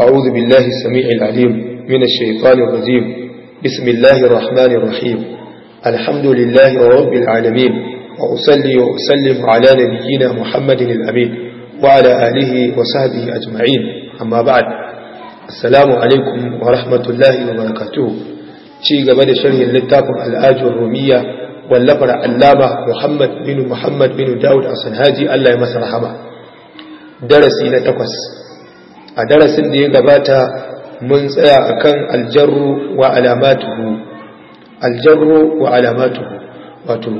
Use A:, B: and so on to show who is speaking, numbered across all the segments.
A: أعوذ بالله السميع العليم من الشيطان الرجيم بسم الله الرحمن الرحيم الحمد لله رب العالمين وأصلي وأسلم على نبينا محمد الأمين وعلى آله وصحبه أجمعين أما بعد السلام عليكم ورحمة الله وبركاته شيء قبل شرح لتاكم الآج الرومية واللقر علامة محمد بن محمد بن داود أصنهاجي الله يمسى رحمه درسي نتقص a darasin da ya gabata mun tsaya akan aljarru wa alamatuhu aljarru wa alamatuhu wato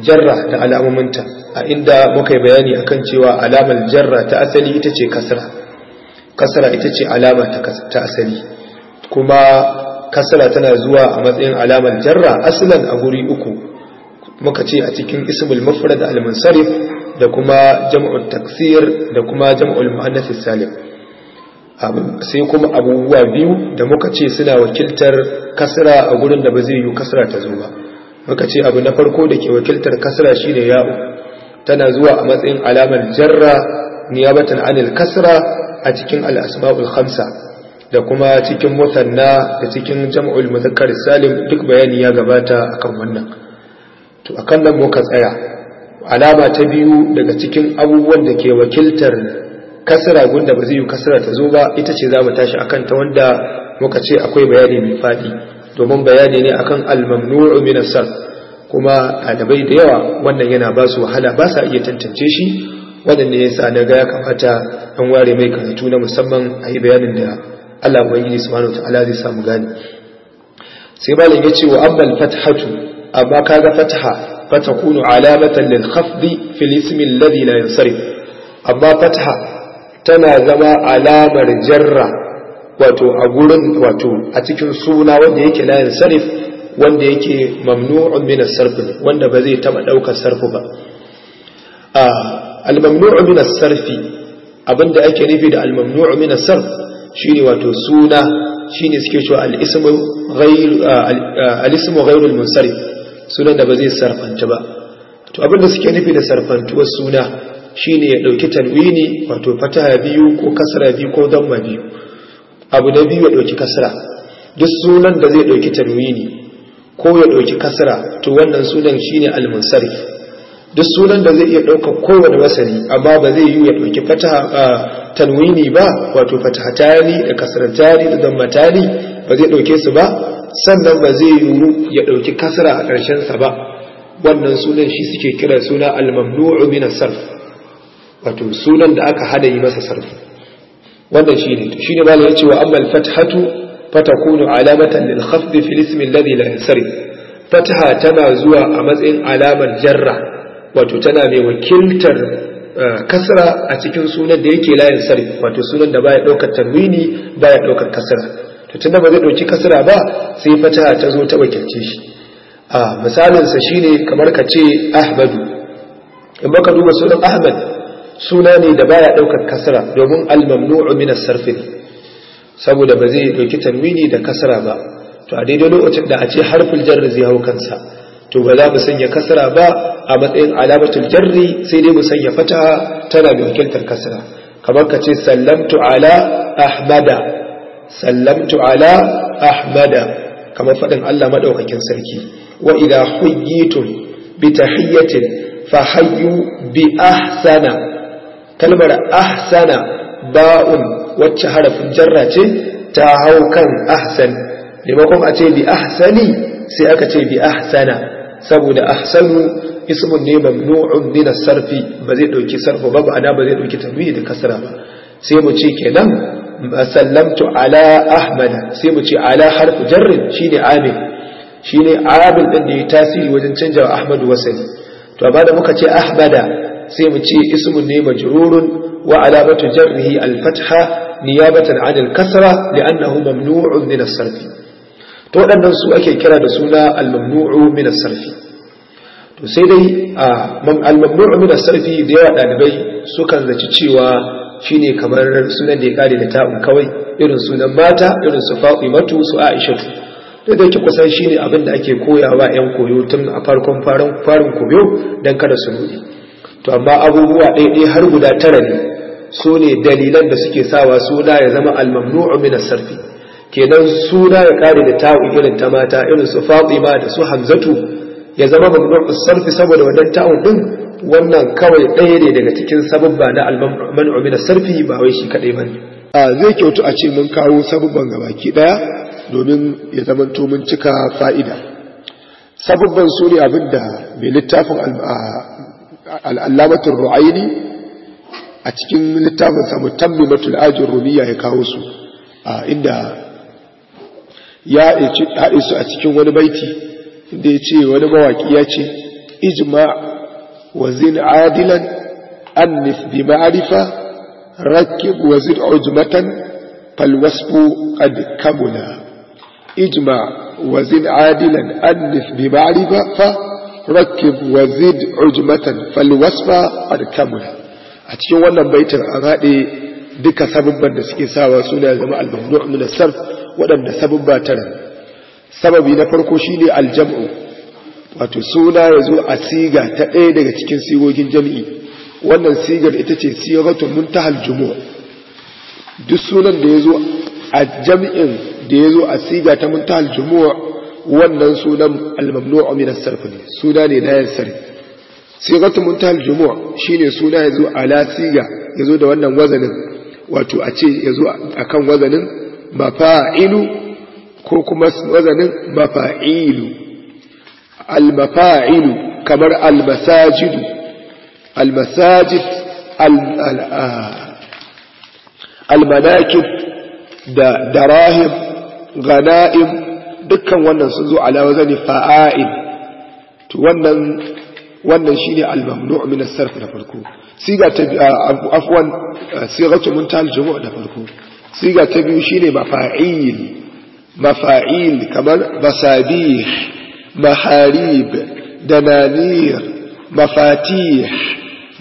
A: jarra da alamominta a inda muka yi bayani a kan cewa alamar jarra ta asali ita ce kasra kasara ita ce alama ta asali kuma kasra tana zuwa a matsayin alamar jarra asalan a guri uku muka ce a cikin ismul mafrad al-munsarif da kuma jam'ul taksir da kuma jam'ul muannath salim sai kuma abubuwa biyu da muka ce suna wakiltar kasra a gurin da ba zai yi kasra ta zo ba muka ce abu na farko da ke wakiltar kasra shine ya'u tana zuwa a matsayin alamar jarra niyabatan anil kasra a cikin al-asma'ul khamsa da kuma cikin musanna da cikin jam'ul muzakkar salim duk bayani ya gabata akan wannan to akan nan muka tsaya alama ta biyu daga cikin abubuwan da ke wakiltar kasra gunda ba zai yi kasra ta zo ba ita ce za mu tashi akan ta wanda muka ce akwai bayani mai faɗi domin bayani ne akan al-mamnu'u min as-sarf kuma ɗalibai da yawa wannan yana ba su wahala ba sa iya tantance shi waɗanne ya sa na ga ya kamata an ware mai karatu na musamman a yi bayanin da Allah Ubangiji subhanahu ta'ala zai samu gani sai malam ya ce wa abbal fathatu amma kaga fataha fatakunu alamatan lil khafdi fil ismi alladhi la yansarif amma fataha tana zama alamar jarra wato a gurin wato a cikin suna wanda yake layin sarif wanda yake mamnu'un min as-sarf wanda ba zai taba daukar sarfu ba al-mamnu'u min as-sarfi abinda ake nufi da al-mamnu'u min as-sarf shine wato suna shine suke cewa al-ismu ghayr al-ismu ghayr al-munsarif sunan da ba zai sarfanta ba to abinda suke nufi da sarfantuwar suna shine ya dauki tanwini wato fataha biyu ko kasra biyu ko damma biyu abu na biyu ya dauki kasra duk sunan da zai dauki tanwini ko ya dauki kasra to wannan sunan shine al-munsarif duk sunan da zai iya dauka kowane wasani amma ba zai yi ya dauki fataha tanwini ba wato fatahatani da kasratani da dammatani ba zai dauke su ba sannan ba zai yi ya dauki kasra a ƙarshen sa ba wannan sunan shi suke kira suna al-mamnu'u min as-sarf wato sunan da aka hada yi masa sarfi wannan shine to shine ba malam ya ce wa ammal fathatu fatakunu alamatan lil khafd fi ismi alladhi la yansarif fataha tana zuwa a matsayin alamar jarra wato tana mai wakiltar eh, kasra a cikin sunan da yake layin yansarif wato sunan da baya daukar tanwini baya daukar kasra to tunda ba zai dauki kasra ba sai fataha ta zo ta wakilce shi a ah, misalinsa shine kamar ka ce ahmadu in baka duba sunan ahmad suna ne da baya daukar kasra domin al-mamnu'u min as-sarf saboda ba zai dauki tanwini da kasra ba to a daidai lokacin da a ce harful jarri zai hau kansa to ba za mu sanya kasra ba a matsayin alamatul jarri sai dai mu sanya fataha tana da wakiltar kasra kamar ka ce sallamtu ala ahmada sallamtu ala ahmada kamar fadin Allah madaukakin sarki wa idha huyyitum bi tahiyyatin fahayyu bi ahsana kalmar ahsana ba'un wacce harafin jarra ce ta hau kan ahsan maimakon a ce bi ahsani sai aka ce bi ahsana saboda ahsanu ismun ne mamnu'un min as-sarfi ba zai dauki sarfa ba ana ba zai dauki tanwi da kasra ba sai mu ce kenan sallamtu ala ahmad sai mu ce ala harfu jarr shine Amin, shine arabin din da ya tasiri wajen canjawa ahmad wasani to amma da muka ce ahmada sai mu ce ismun ne majrurun wa alamatu jarrihi al-fatha niyabatan 'an al-kasra li'annahu mamnu'un min as-sarf to wadannan su ake kira da suna al-mamnu'u min as-sarf to sai dai al-mamnu'u min as-sarf da yawa dalibai sukan zaci cewa shine kamar sunan da ya kare da ta'un kawai irin sunan mata irin su Fatimatu su Aishatu da da kusan shine abin da ake koyawa 'yan koyo tun a farkon farin koyo dan kada su nuni to amma abubuwa ɗaiɗai har guda tara ne su ne dalilan da suke sawa suna ya zama almamnu'u min sarfi kenan suna ya kare da ta'un irin ta mata irin su fatima da su hamzatu ya zama mamnu'u sarfi saboda wannan ta din wannan kawai ɗaya ne daga cikin sababba na almamnu'u min sarfi ba wai shi kadai bane a zai kyautu a ce mun kawo sababban gabaki daya domin ya zama to mun cika fa'ida sababban su ne abinda mai littafin al'allamatul ru'aini a cikin littafin sa mutammimatul ajin rumiya ya kawo su a inda ya haɗe su a cikin wani baiti inda ya ce wani mawaƙi ya ce ijma wa zin adilan annif bi ma'arifa rakib wa zin ujmatan falwasfu qad kamula ijma wa zin adilan annif bi ma'arifa rakib wa zid ujmatan fal wasfa a cikin wannan baitin an haɗe duka sababban da suke sawa suna zama al-mamnu' min as-sarf wadanda sababba tara sababi na farko shine al-jam'u wato suna yazo a siga ta ɗaya daga cikin sigogin jami'i wannan sigar ita ce sigatun muntahal jumu' duk sunan da yazo a jami'in da yazo a siga ta muntahal jumu' wannan sunan al-mamnu'u min as-sarf ne suna ne na yansari sigatu muntahal jumu'a shine suna yazo ala siga yazo da wannan wazanin wato a ce yazo akan wazanin mafa'ilu ko kuma wazanin mafa'ilu al-mafa'ilu kamar al-masajid al-masajid al-manakib da darahim غنائم dukkan wannan sun zo ala wazani fa'a'il to wannan wannan shine al-mamnu' min as-sarf da farko siga ta afwan sigatu muntal jumu' da farko siga ta biyu shine mafa'il mafa'il kamar masabih maharib dananir mafatih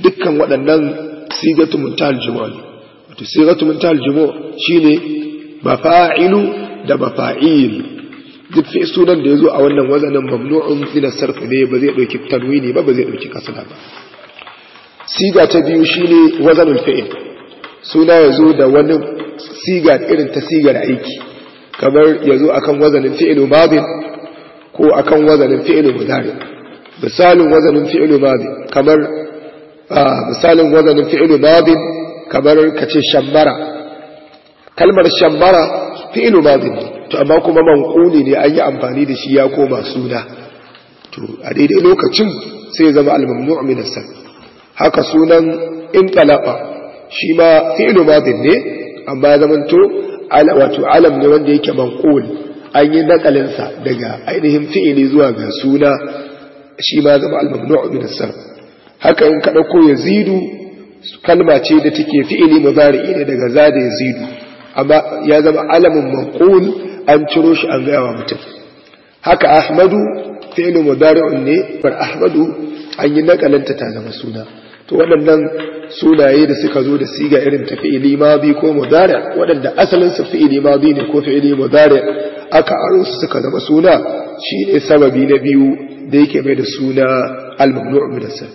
A: dukkan waɗannan sigatu muntal jumu' wato sigatu muntal jumu' shine mafa'ilu da mafa'il duk fi sunan da ya zo a wannan wazanin mamnu'un min sarf ne ba zai dauki tanwini ba ba zai dauki kasra ba siga ta biyu shine wazanul fi'il suna ya zo da wani siga irin ta sigar aiki kamar ya zo akan wazanin fi'ilu madin ko akan wazanin fi'ilu mudari misalin wazanin fi'ilu madin kamar misalin wazanin fi'ilu madin kamar kace shambara. kalmar shambara fi'ilu madin ne to amma kuma manquli ne an yi amfani da shi ya koma suna to a daidai lokacin sai zama almamnu mamnu haka sunan talaba shi ma fi'lu madin ne amma zamanto wato alam ne wanda yake manqul an yi nakalinsa daga ainihin fi'ili zuwa ga suna shi ma zama almamnu mamnu haka in ka ya yazidu kalma ce da take fi'ili mazari ne daga zada yazidu amma ya zama alamin manqul an ciro shi an gaya wa mutum haka ahmadu fi'lu mudari'un ne bar ahmadu an yi nakalanta ta zama suna to waɗannan sunaye da suka zo da siga irin ta fi'ili madi ko mudari waɗanda asalin su fi'ili madi ne ko fi'ili mudari aka aro su suka zama suna shine sababi na biyu da yake mai da suna al-mamnu' mudassar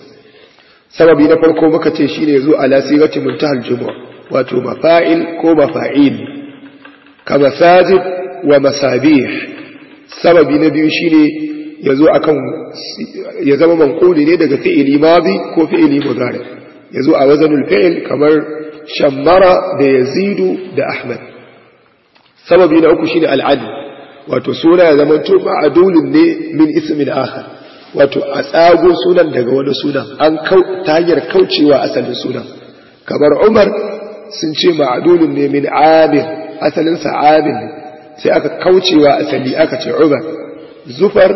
A: sababi na farko muka ce shine yazo ala sigati muntahal jumu'a wato mafa'il ko mafa'il ka masajid wa masabih sababi na biyu shine ya akan ya zama manquli ne daga fi'ili madi ko fi'ili mudari ya zo a wazanul fi'il kamar shammara da yazidu da ahmad sababi na uku shine al'adu wato suna ya zama to ma'adulun ne min ismin akhar wato a tsago sunan daga wani sunan an ta hanyar kaucewa asalin sunan kamar umar sun ce ma'adulun ne min abin asalinsa abin sai aka kaucewa asali aka ce ubar zufar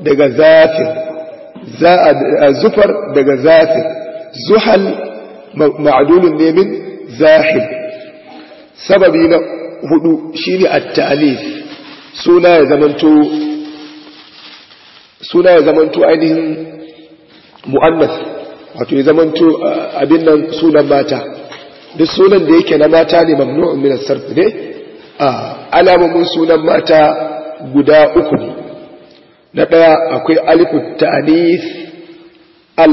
A: daga zafir zufar daga zafir zuhal ma'adulun ne min zahil sababi na hudu shine at-ta'lif suna ya zamanto suna ya zamanto ainihin mu'annas wato ya zamanto abin nan sunan mata duk sunan da yake na mata ne mamnu'un min as-sarf ne alamomin sunan mata guda uku ne na ɗaya akwai alifin tanis al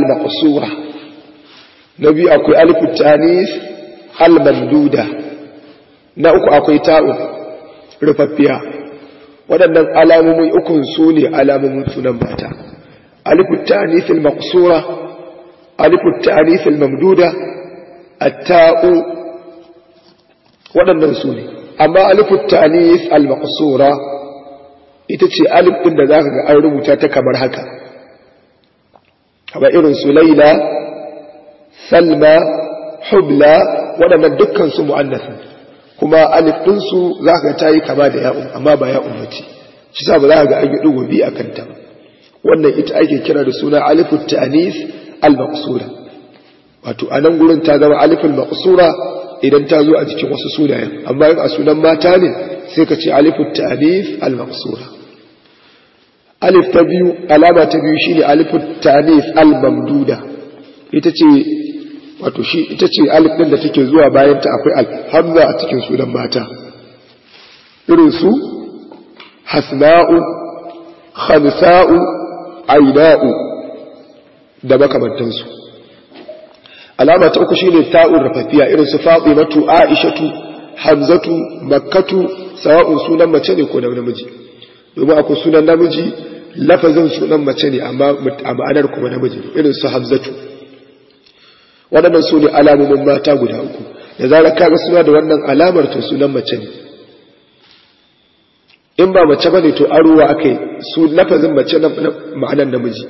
A: na biyu akwai alifin almanduda al-manduda na uku akwai ta'un rufaffiya waɗannan alamomin ukun su ne alamomin sunan mata alifin tanis al almanduda alifin at-ta'u waɗannan su ne amma alifu ta'anis al-maqsura ita ce alif ɗin da zaka ga an rubuta ta kamar haka kamar irin su laila salma hubla waɗannan dukkan su mu'annas kuma alif ɗinsu su zaka ta yi kama da ya'un amma ba ya'un bace shi sa ba za ga an yi dugo bi akan ta wannan ita ake kira da suna alifu ta'anis al-maqsura wato anan gurin ta zama alifin maqsura idan ta zo a cikin wasu sunayen amma in a sunan mata ne sai ka ce alifu ta'anif al-maqsura alif ta biyu alama ta biyu ne alifu ta al-mamduda ita ce wato shi ita ce alif ɗin da take zuwa bayan ta akwai al a cikin sunan mata irin su hasna'u khamsa'u aina'u da makamantansu alama ta uku shine ta'un rafafiya irin su fatimatu aishatu hamzatu makkatu sawa'un sunan mace ne ko namiji domin akwai sunan namiji lafazin sunan mace ne amma ma'anar kuma namiji irin su hamzatu waɗannan su ne alamomin mata guda uku da zarar ka ga suna da wannan alamar to sunan mace ne in ba mace ba ne to aruwa akai su lafazin mace na ma'anar namiji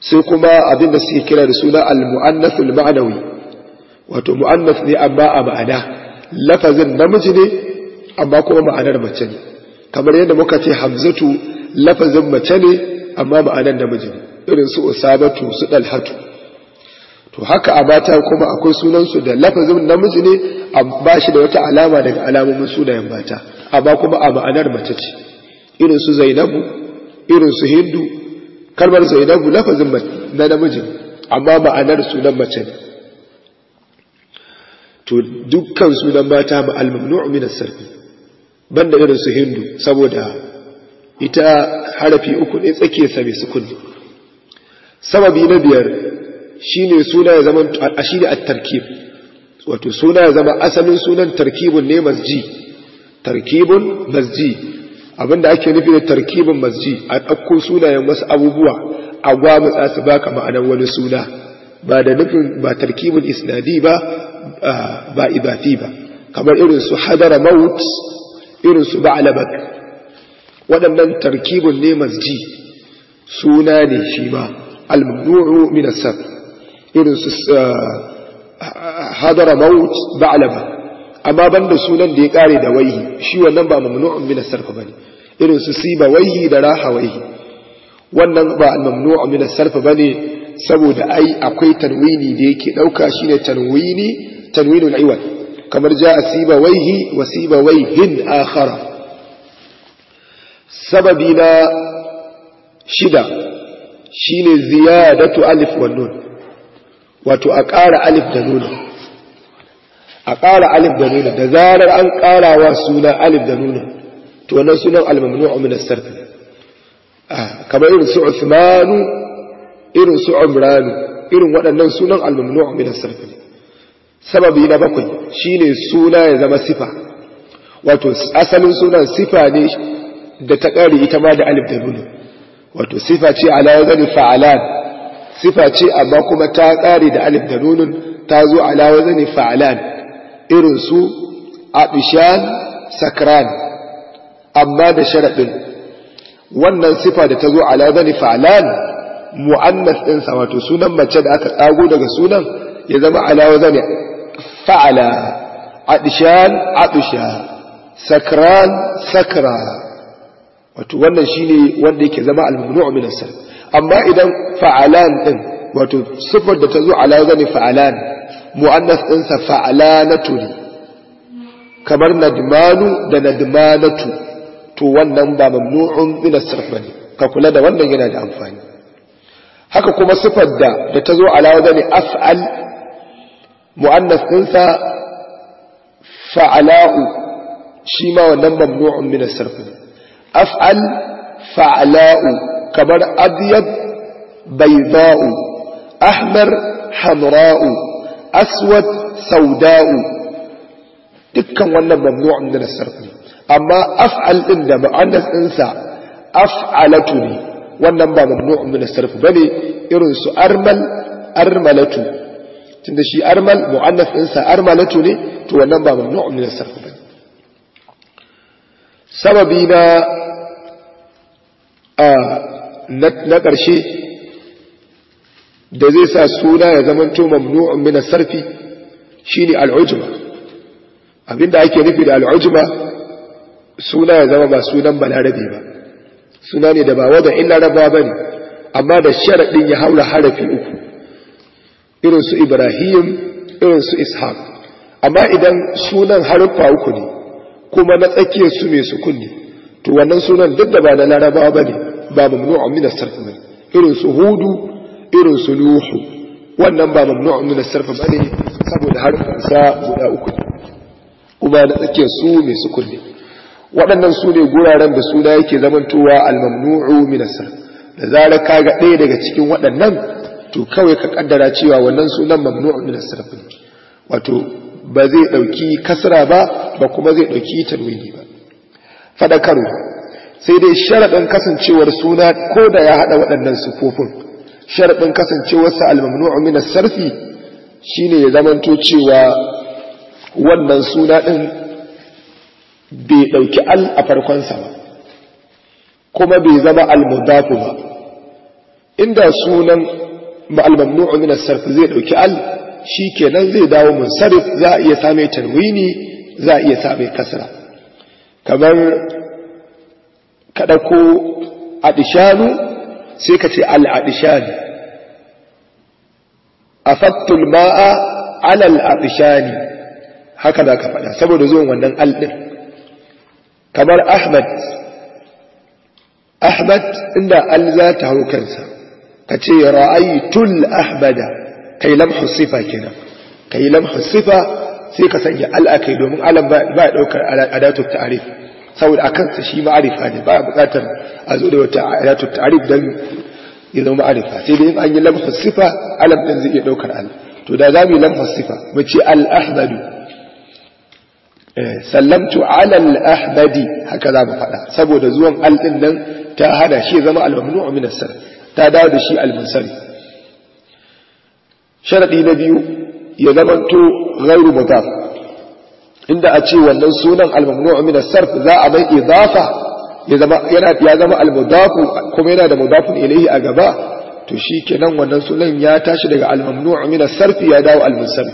A: sai kuma abinda suke kira da suna al-mu'annathul ma'nawi wato mu'annath ne amma a ma'ana lafazin namiji ne amma kuma ma'anar mace ne kamar yadda muka ce hamzatu lafazin mace ne amma ma'anar namiji ne irin su usabatu su dalhatu to haka a mata kuma akwai sunansu da lafazin namiji ne ba shi da wata alama daga alamomin sunayen mata amma kuma a ma'anar mace ce irin su zainabu irin su hindu kalmar zainabu lafazin na namijin amma ma'anar sunan mace to dukkan sunan mata ma al-mamnu' min sarfi banda irin su hindu saboda ita harafi uku ne tsake sa su sukuni sababi na biyar shine suna ya zama ashiri at-tarkib wato suna ya zama asalin sunan tarkibun ne masji tarkibun masji abinda ake nufi da tarkibin masji a ɗauko sunayen wasu abubuwa a gwamutsa su baka ma'anar wani suna ba da nufin ba tarkibin isnadi ba ba ibafi ba kamar irin su hadara maut irin su ba'alabak waɗannan tarkibin ne masji suna ne shi ma al-mamnu'u min as irin su hadara maut ba'alabak amma ban da sunan da ya kare da waihi shi wannan ba mamnu'un min as-sarf bane irin su siba waihi da raha waihi wannan ba mamnu'un min as-sarf bane saboda ai akwai tanwini da yake dauka shine tanwini tanwinul iwad kamar jaa siba waihi wa siba waihin akhara sababi na shida shine ziyadatu alif wa nun wato a ƙara alif da nuna a ƙara alif da nuna da zarar an ƙarawa suna alif da nuna to wannan sunan almamnu a as-sarf ah, kamar irin su Uthmanu irin su Umran irin waɗannan sunan almamnu a as-sarf sababi na bakwai shine suna ya zama sifa wato asalin sunan sifa ne da ta ƙare ita ma da alif da nuna wato sifa ce ala wazani fa'alan sifa ce amma kuma ta ƙare da alif da nunun ta zo ala wazani fa'alan irin su abishan sakran amma da sharaɗin wannan sifa da ta zo ala zani fa'lan mu'annas ɗinsa wato sunan mace da aka tsago daga sunan ya zama ala zani fa'ala abishan abisha sakran sakra wato wannan shine wanda yake zama al-mamnu' min as-sarf amma idan fa'alan din wato sifar da ta zo ala zani fa'alan mu'annas ɗinsa fa'alanatu ne kamar nadmanu da nadmanatu to wannan ba mamnu'un min as ka kula da wannan yana da amfani haka kuma sifar da da ta zo wazani af'al mu'annas ɗinsa fa'ala'u shi ma wannan mamnu'un min as ne af'al fa'ala'u kamar abyad baiza'u, ahmar hamra'u aswad sauda'u dukkan wannan mamnu'un da sarfi amma af'al din da mu'annas ɗinsa af'alatu ne wannan ba mamnu'un da sarfi bane irin su armal armalatu tunda shi armal mu'annas ɗinsa armalatu ne to wannan ba mamnu'un da sarfi bane sababi na na karshe da zai sa suna ya zamanto mamnu'un min as-sarfi shine al-ujma abinda ake nufi da al-ujma suna ya zama ba sunan balarabe ba suna ne da ba wada illa rabba bane amma da sharadin ya haura harafi uku irin su ibrahim irin su ishaq amma idan sunan harfa uku ne kuma na tsakiyar su mai su kunni to wannan sunan duk da ba na laraba bane ba mamnu'un min as-sarfi irin su hudu irin su nuhu wannan ba mamnu'un nuna sarfa ba ne saboda har sa guda uku kuma na tsakiyar su mai sukun ne waɗannan su ne guraren da suna yake zamantowa al-mamnu'u min da zarar ka ga ɗaya daga cikin waɗannan to kawai ka ƙaddara cewa wannan sunan mamnu'un min as-sarf ne wato ba zai ɗauki kasra ba ba kuma zai ɗauki tanwini ba fadakarwa sai dai sharaɗin kasancewar suna ko da ya haɗa waɗannan sufofin sharaɗin kasancewarsa almamnu'u min as-sarfi shine ya zamanto cewa wannan suna din bai dauki al a farkonsa ba kuma bai zama al ba inda sunan al-mamnu'u min zai dauki al kenan zai dawo munsarif za a iya same tanwini za a iya same kasra kamar kadako adishanu sai ka ce al'adishani a fattul ma'a adishani haka za ka faɗa saboda zuwan wannan al'in kamar ahmad ahmad inda al za ta hau kansa ka ce ra'aitul ahmada kai lamhu sifa kenan kai lamhu sifa sai ka sanya al'akai domin alam ba ya ɗaukar adatu ta'arifi saboda akan sa shi ma'arifa ne ba a bukatar a zo da wata ayatu ta'arif dan ya zama ma'arifa sai dai in an yi lamfin sifa alam din zai iya daukar al to da za mu yi lamfin sifa mu ce al ahmadu sallamtu ala al ahmadi haka za mu faɗa saboda zuwan al din nan ta hada shi zama al mamnu'u min as ta dawo da shi al munsari sharadi na biyu ya zamanto ghairu mudaf inda a ce wannan sunan al-mamnu' min as-sarf za a mai idafa ya zama yana ya zama al-mudafu kuma yana da mudafun ilayhi a gaba to shikenan wannan sunan ya tashi daga al-mamnu' min as-sarf ya dawo al-musammi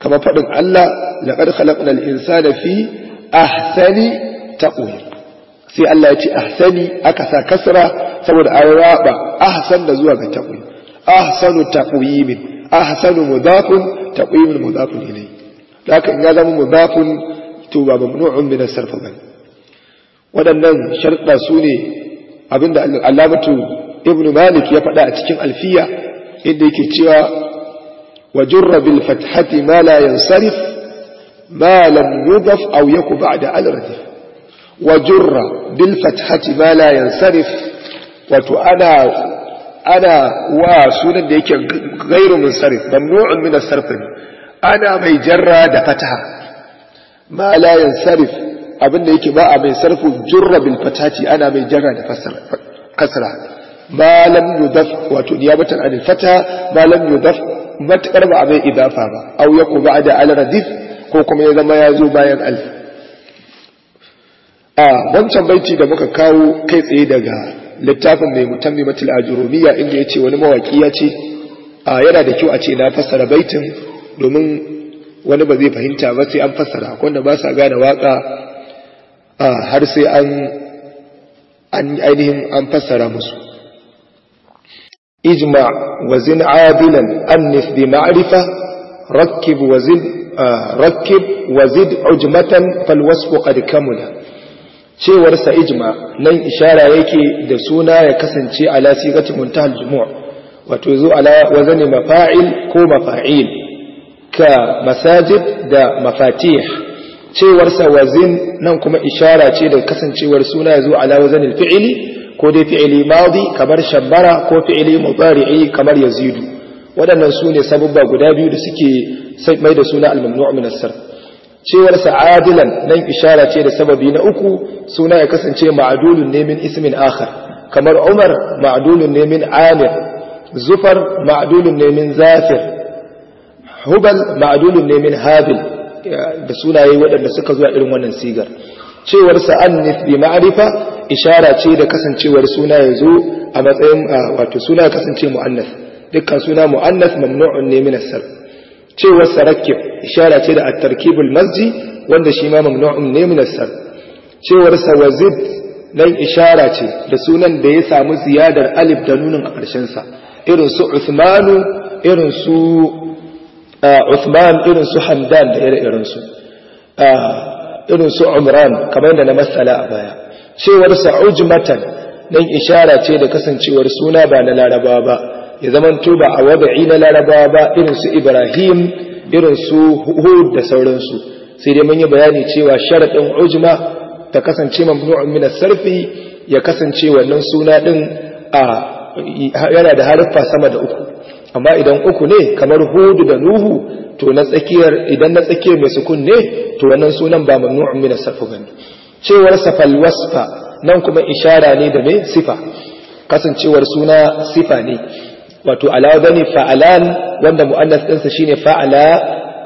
A: kama fadin Allah laqad khalaqnal insana fi ahsani taqwim sai Allah ya ce ahsani aka sa kasra saboda an raba ahsan da zuwa ga taqwim ahsanu taqwimin ahsanu mudafun taqwimin mudafun ilayhi لكن هذا مباف توبة ممنوع من السرف من ودنن شرط سوني أبن العلامة ابن مالك يفدى أتشن ألفية إني كتوى وجر بالفتحة ما لا ينصرف ما لم يضف أو يكو بعد الردف وجر بالفتحة ما لا ينصرف وتو أنا أنا وسنة غير منصرف ممنوع من السرف من ana mai jarra da fataha ma la yansarif abinda yake ba a mai sarfu jurra bil fatati ana mai jarra da kasra ma lam yudaf wato batar an fataha ma lam yudaf matakar ba a mai idafa ba aw yaku ba da al radif ko kuma ya zama ya zo bayan al. a wancan baiti da muka kawo kai tsaye daga littafin mai mutammimatul ajrumiya inda yace wani mawaki ya ce a yana da kyau a ce na fassara baitin domin wani ba zai fahimta ba sai an fassara wanda ba sa gane waka har sai an an ainihin an fassara musu ijma wazin adilan annif bi ma'rifa rakkib wazid rakkib wazid ujmatan fal wasfu qad kamula cewar sa ijma nan ishara yake da suna ya kasance ala sigati muntahal jumu' wato zo ala wazani mafa'il ko mafa'il ka masajid da mafatih cewarsa wazin nan kuma ishara ce da kasancewar suna ya zo ala wazanil fi'ili ko dai fi'ili madi kamar shabbara ko fi'ili mudari'i kamar yazidu waɗannan su ne sabubba guda biyu da suke mai da suna al-mamnu' min as-sarf cewar nan ishara ce da sababi na uku suna ya kasance ma'dulun ne min ismin akhar kamar umar ma'dulun ne min amir zufar ma'dulun ne min zafir hubal ma'adulun ne min habil da sunaye waɗanda suka zuwa irin wannan sigar cewar sa'annif bi ma'arifa ishara ce da kasancewar suna zo a matsayin wato suna kasance mu'annas dukkan suna mu'annas mamnu'un ne min as-sarf cewar sarakib ishara ce da at-tarkibul masji wanda shi ma mamnu'un ne min as cewar sawazid nan ishara ce da sunan da ya samu ziyadar alif da nunin a ƙarshen sa irin su usmanu irin su Uthman irin su Hamdan da ire su irin su Umran kamar yadda na matsala a baya cewar sa ujmatan nan ishara ce da kasancewar suna ba na Larabawa ba ya zaman tuba a wada'i na Larabawa ba irin su Ibrahim irin su Hud da sauransu sai dai mun yi bayani cewa sharadin ujma ta kasance mamnu'un min sarfi ya kasance wannan suna din a yana da harfa sama da uku amma idan uku ne kamar hudu da nuhu to na tsakiyar idan na tsakiyar mai sukun ne to wannan sunan ba mamnu'un min as-sarfu bane cewar safal wasfa nan kuma ishara ne da me sifa kasancewar suna sifa ne wato ala bane fa'alan wanda muannas ɗinsa shine fa'ala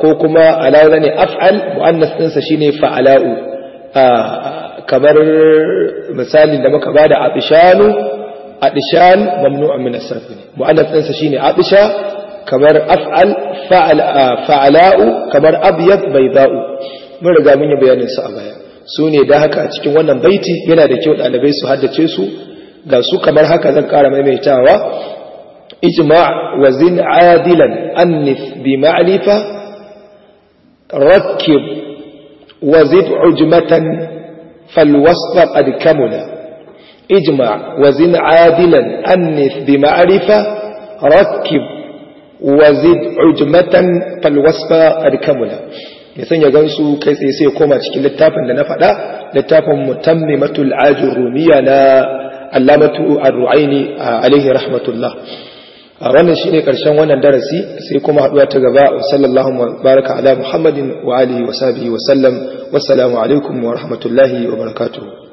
A: ko kuma ala bane af'al muannas ɗinsa shine fa'ala'u ah, kamar misalin da muka bada abishanu adishan mamnu'un min as-sarf ne mu'allaf ɗinsa shine adisha kamar af'al fa'ala'u kamar abyad bayda'u mun riga mun yi bayanin su a baya su ne da haka a cikin wannan baiti yana da kyau ɗalibai su haddace su ga su kamar haka zan ƙara maimaitawa ijma' wa zin adilan annif bi ma'rifa rakkib wa zid ujmatan fal wasfa qad kamula اجمع وزن عادلا أنث بمعرفة ركب وزد عجمة فالوصفة الكاملة يسن يغنسو كيس يسي كوما تشكي لتافا لنفع لا لتافا متممة العاج الرومية لا علامة الرعين آه، عليه رحمة الله رانا شيني كرشان وانا درسي سيكوما حدوى تغباء وصلى الله وبارك على محمد وعلي وصحبه وسلم والسلام عليكم ورحمة الله وبركاته